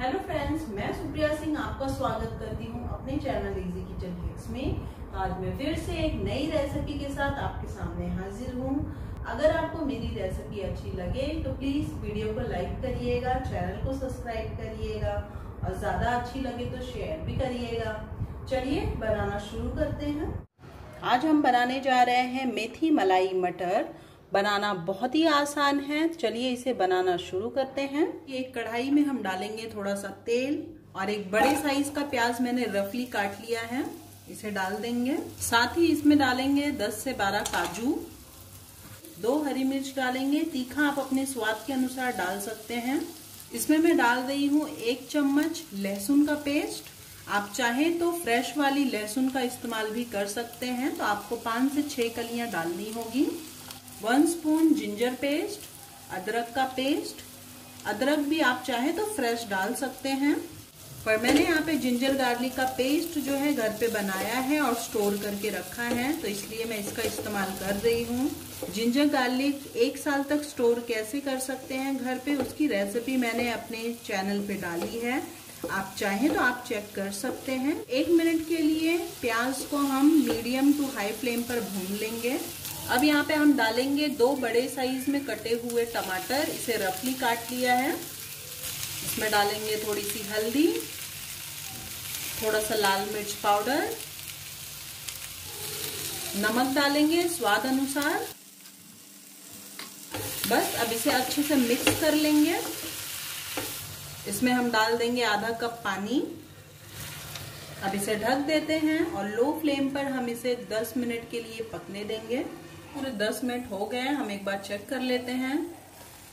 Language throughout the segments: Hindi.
हेलो फ्रेंड्स मैं सुप्रिया सिंह आपका स्वागत करती हूँ अपने चैनल इजी किचन किड्स में आज मैं फिर से एक नई रेसिपी के साथ आपके सामने हाजिर हूँ अगर आपको मेरी रेसिपी अच्छी लगे तो प्लीज वीडियो को लाइक करिएगा चैनल को सब्सक्राइब करिएगा और ज्यादा अच्छी लगे तो शेयर भी करिएगा चलिए बनाना शुरू करते हैं आज हम बनाने जा रहे हैं मेथी मलाई मटर बनाना बहुत ही आसान है चलिए इसे बनाना शुरू करते हैं एक कढ़ाई में हम डालेंगे थोड़ा सा तेल और एक बड़े साइज का प्याज मैंने रफली काट लिया है इसे डाल देंगे साथ ही इसमें डालेंगे 10 से 12 काजू दो हरी मिर्च डालेंगे तीखा आप अपने स्वाद के अनुसार डाल सकते हैं इसमें मैं डाल रही हूँ एक चम्मच लहसुन का पेस्ट आप चाहें तो फ्रेश वाली लहसुन का इस्तेमाल भी कर सकते हैं तो आपको पांच से छह कलियां डालनी होगी वन स्पून जिंजर पेस्ट अदरक का पेस्ट अदरक भी आप चाहे तो फ्रेश डाल सकते हैं पर मैंने यहाँ पे जिंजर गार्लिक का पेस्ट जो है घर पे बनाया है और स्टोर करके रखा है तो इसलिए मैं इसका इस्तेमाल कर रही हूँ जिंजर गार्लिक एक साल तक स्टोर कैसे कर सकते हैं घर पे उसकी रेसिपी मैंने अपने चैनल पे डाली है आप चाहें तो आप चेक कर सकते हैं एक मिनट के लिए प्याज को हम मीडियम टू हाई फ्लेम पर भून लेंगे अब यहाँ पे हम डालेंगे दो बड़े साइज में कटे हुए टमाटर इसे रफली काट लिया है इसमें डालेंगे थोड़ी सी हल्दी थोड़ा सा लाल मिर्च पाउडर नमक डालेंगे स्वाद अनुसार बस अब इसे अच्छे से मिक्स कर लेंगे इसमें हम डाल देंगे आधा कप पानी अब इसे ढक देते हैं और लो फ्लेम पर हम इसे 10 मिनट के लिए पकने देंगे पूरे 10 मिनट हो गए हैं हम एक बार चेक कर लेते हैं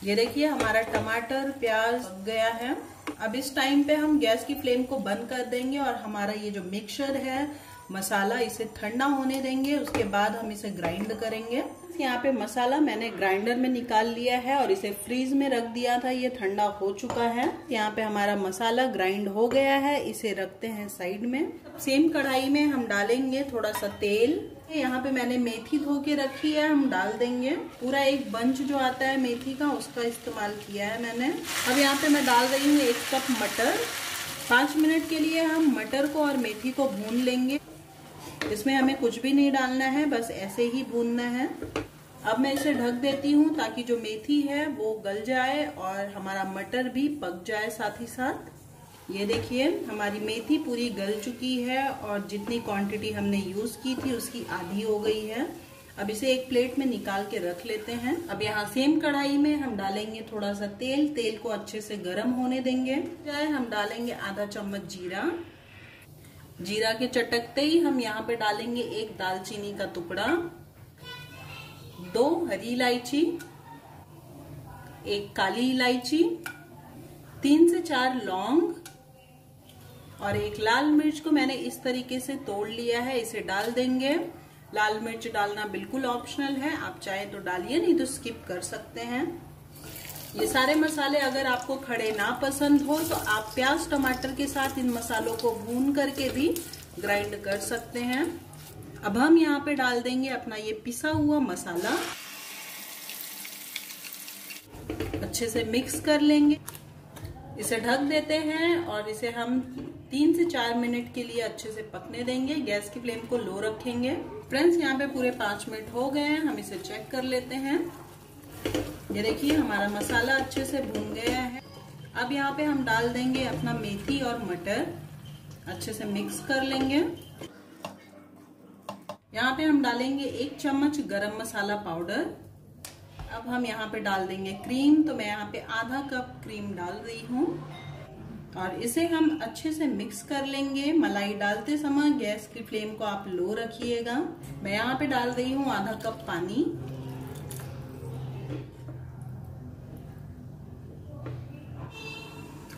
ये देखिए हमारा टमाटर प्याज गया है अब इस टाइम पे हम गैस की फ्लेम को बंद कर देंगे और हमारा ये जो मिक्सर है मसाला इसे ठंडा होने देंगे उसके बाद हम इसे ग्राइंड करेंगे फ्रेंड्स यहाँ पे मसाला मैंने ग्राइंडर में निकाल लिया है और इसे फ्रीज में रख दिया था ये ठंडा हो चुका है यहाँ पे हमारा मसाला ग्राइंड हो गया है इसे रखते हैं साइड में सेम कढ़ाई में हम डालेंगे थोड़ा सा तेल यहाँ पे मैंने मेथी धो के रखी है हम डाल देंगे पूरा एक बंच जो आता है मेथी का उसका इस्तेमाल किया है मैंने अब यहाँ पे मैं डाल रही हूँ एक कप मटर पाँच मिनट के लिए हम मटर को और मेथी को भून लेंगे इसमें हमें कुछ भी नहीं डालना है बस ऐसे ही भूनना है अब मैं इसे ढक देती हूँ ताकि जो मेथी है वो गल जाए और हमारा मटर भी पक जाए साथ ही साथ ये देखिए हमारी मेथी पूरी गल चुकी है और जितनी क्वांटिटी हमने यूज़ की थी उसकी आधी हो गई है अब इसे एक प्लेट में निकाल के रख लेते हैं अब यहाँ सेम कढ़ाई में हम डालेंगे थोड़ा सा तेल तेल को अच्छे से गर्म होने देंगे हम डालेंगे आधा चम्मच जीरा जीरा के चटकते ही हम यहाँ पे डालेंगे एक दालचीनी का टुकड़ा दो हरी इलायची एक काली इलायची तीन से चार लौंग और एक लाल मिर्च को मैंने इस तरीके से तोड़ लिया है इसे डाल देंगे लाल मिर्च डालना बिल्कुल ऑप्शनल है आप चाहे तो डालिए नहीं तो स्किप कर सकते हैं ये सारे मसाले अगर आपको खड़े ना पसंद हो तो आप प्याज टमाटर के साथ इन मसालों को भून करके भी ग्राइंड कर सकते हैं अब हम यहाँ पे डाल देंगे अपना ये पिसा हुआ मसाला अच्छे से मिक्स कर लेंगे इसे ढक देते हैं और इसे हम तीन से चार मिनट के लिए अच्छे से पकने देंगे गैस की फ्लेम को लो रखेंगे फ्रेंड्स यहाँ पे पूरे पांच मिनट हो गए हैं हम इसे चेक कर लेते हैं ये देखिए हमारा मसाला अच्छे से भून गया है अब यहाँ पे हम डाल देंगे अपना मेथी और मटर अच्छे से मिक्स कर लेंगे यहाँ पे हम डालेंगे एक चम्मच गरम मसाला पाउडर अब हम यहाँ पे डाल देंगे क्रीम तो मैं यहाँ पे आधा कप क्रीम डाल रही हूँ और इसे हम अच्छे से मिक्स कर लेंगे मलाई डालते समय गैस की फ्लेम को आप लो रखिएगा मैं यहाँ पे डाल रही हूँ आधा कप पानी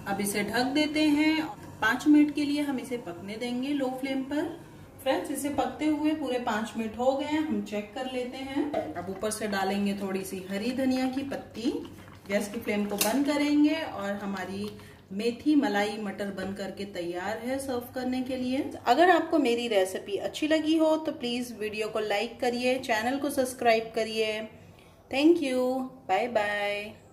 अब इसे ढक देते हैं पांच मिनट के लिए हम इसे पकने देंगे लो फ्लेम पर फ्रेंड्स इसे पकते हुए पूरे पांच मिनट हो गए हम चेक कर लेते हैं अब ऊपर से डालेंगे थोड़ी सी हरी धनिया की पत्ती गैस की फ्लेम को बंद करेंगे और हमारी मेथी मलाई मटर बन करके तैयार है सर्व करने के लिए अगर आपको मेरी रेसिपी अच्छी लगी हो तो प्लीज़ वीडियो को लाइक करिए चैनल को सब्सक्राइब करिए थैंक यू बाय बाय